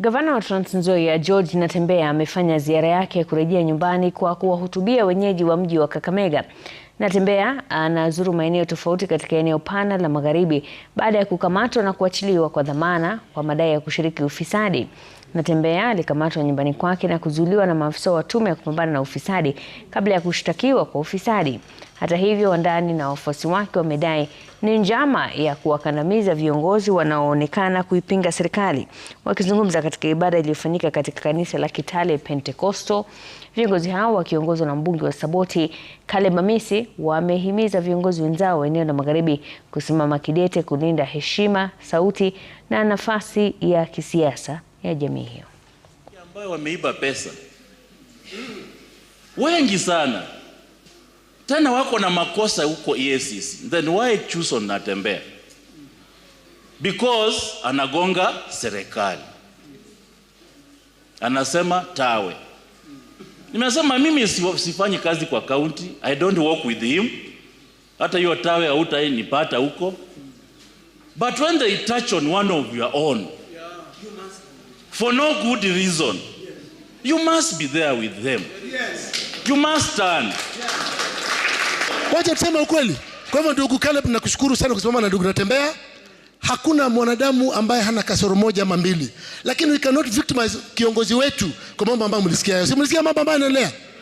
Gavana wa Trans Nzoia George Natembeya amefanya ziara yake ya kurejea nyumbani kwa kuwahutubia wenyeji wa mji wa Kakamega. Natembea anazuru maeneo tofauti katika eneo pana la Magharibi baada ya kukamatwa na kuachiliwa kwa dhamana kwa madai ya kushiriki ufisadi. Natembea alikamatwa nyumbani kwake na kuzuiliwa na maafisa wa tume ya kupambana na ufisadi kabla ya kushtakiwa kwa ufisadi. Hata hivyo, wandani na wafuasi wake wamedai ni njama ya kuwakandamiza viongozi wanaoonekana kuipinga serikali. Wakizungumza katika ibada iliyofanyika katika kanisa la Kitale Pentecostal, viongozi hao wakiongozwa na mbunge wa Saboti Caleb wamehimiza viongozi wenzao wa eneo la magharibi kusimama kidete kulinda heshima, sauti na nafasi ya kisiasa ya jamii hiyo ambayo wameiba pesa wengi sana tena wako na makosa huko EACC, then why Chuso natembea? Because anagonga serikali, anasema tawe Nimesema mimi sifanyi kazi kwa kaunti I don't work with him. Hata hiyo tawe nipata huko. But when they touch on one of your own for no good reason, you must be there with them. You must stand. Wacha tuseme ukweli. Kwa hivyo ndugu Caleb, nakushukuru sana kusimama na ndugu Natembea. Hakuna mwanadamu ambaye hana kasoro moja ama mbili, lakini we cannot victimize kiongozi wetu kwa mambo ambayo mlisikia. Si mlisikia mambo ambayo yanaendelea